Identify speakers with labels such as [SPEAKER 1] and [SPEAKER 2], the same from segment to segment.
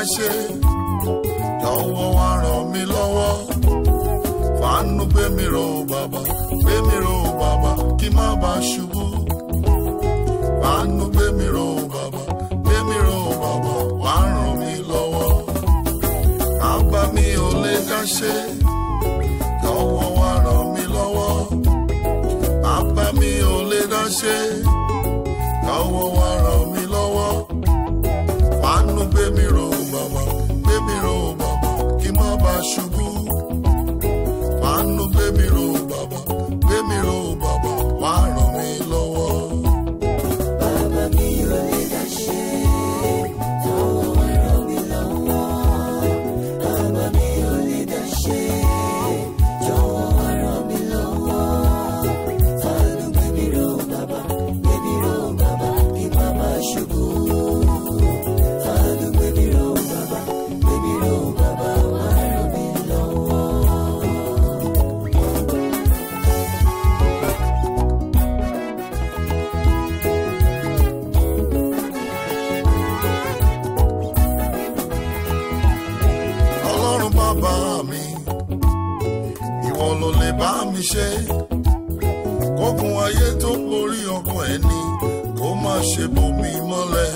[SPEAKER 1] fẹ́ ṣe jọ̀wọ́ wá ràn mí lọ́wọ́ fàánú gbé mi ró bàbá gbé mi ró bàbá kí má bàa ṣubú fàánú gbé mi ró bàbá gbé mi ró bàbá wá ràn mí lọ́wọ́ àgbà mi ò lè dá ṣe jọ̀wọ́ wá ràn mí lọ́wọ́ àgbà mi ò lè dá ṣe jọ̀wọ́ wá. Gracias. mi ṣe kógun ayé tó borí ọkàn ẹni kó má ṣe bò mí mọ́lẹ̀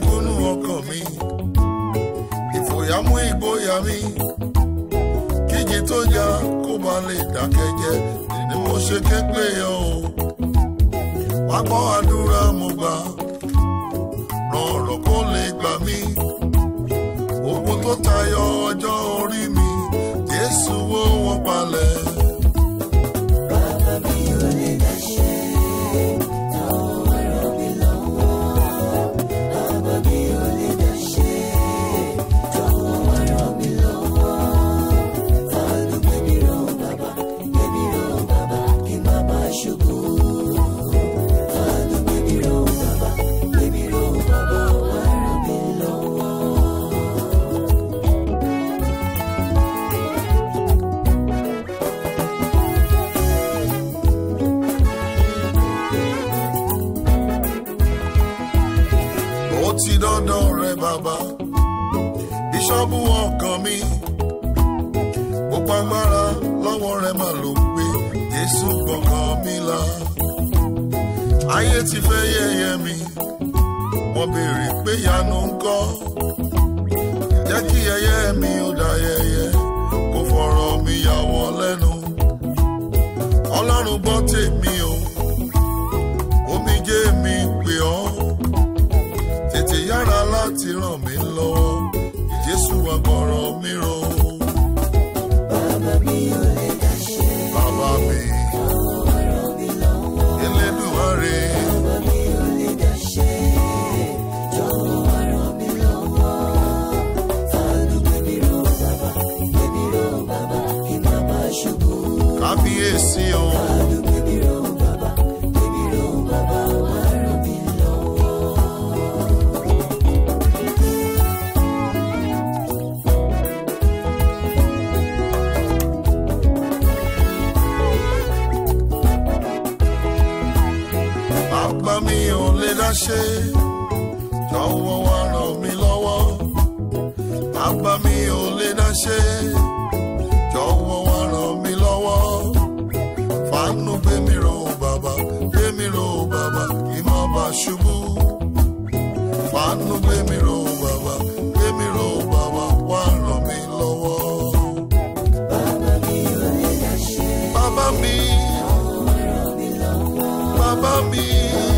[SPEAKER 1] gbónú ọkàn mi ìfòyà mú ìgboyà mi kíji tó já kó má lè dákẹ́jẹ́ ni mo ṣe ké pè ọ́ o wá gbọ́ àdúrà mo gbà ràn kó lè gbà mí ogun tó tayọ ọjọ́ o. ṣọ́ọ̀bù ọkàn mi gbogbo agbára lọ́wọ́ rẹ̀ mà ló gbé Jésù gbọ̀ngàn mi là ayé ti fẹ́ yẹ̀yẹ́ mi wọ́n béèrè pé ìyanu ń kọ́ jẹ́ kí ẹyẹ mi ó dá yẹ̀yẹ́ kó fọ̀rọ̀ mi yà wọ́n lẹ́nu Ọlọ́run gbọ́ tèmi o omijé mi pè ọ́ tètè yára láti ràn mí lọ́wọ́ súnmọ́ kọ́rọ̀ mi ò lè dá ṣe jọ̀wọ́ wá ràn mí lọ́wọ́ bàbá mi ò lè dá ṣe jọ̀wọ́ wá ràn mí lọ́wọ́ fàánù gbẹmí rò bàbá gbẹmí rò bàbá kí má bà ṣubú fàánù gbẹmí rò bàbá gbẹmí rò bàbá wá ràn mí lọ́wọ́. bàbá mi ò lè dá ṣe. bàbá mi. bàbá mi.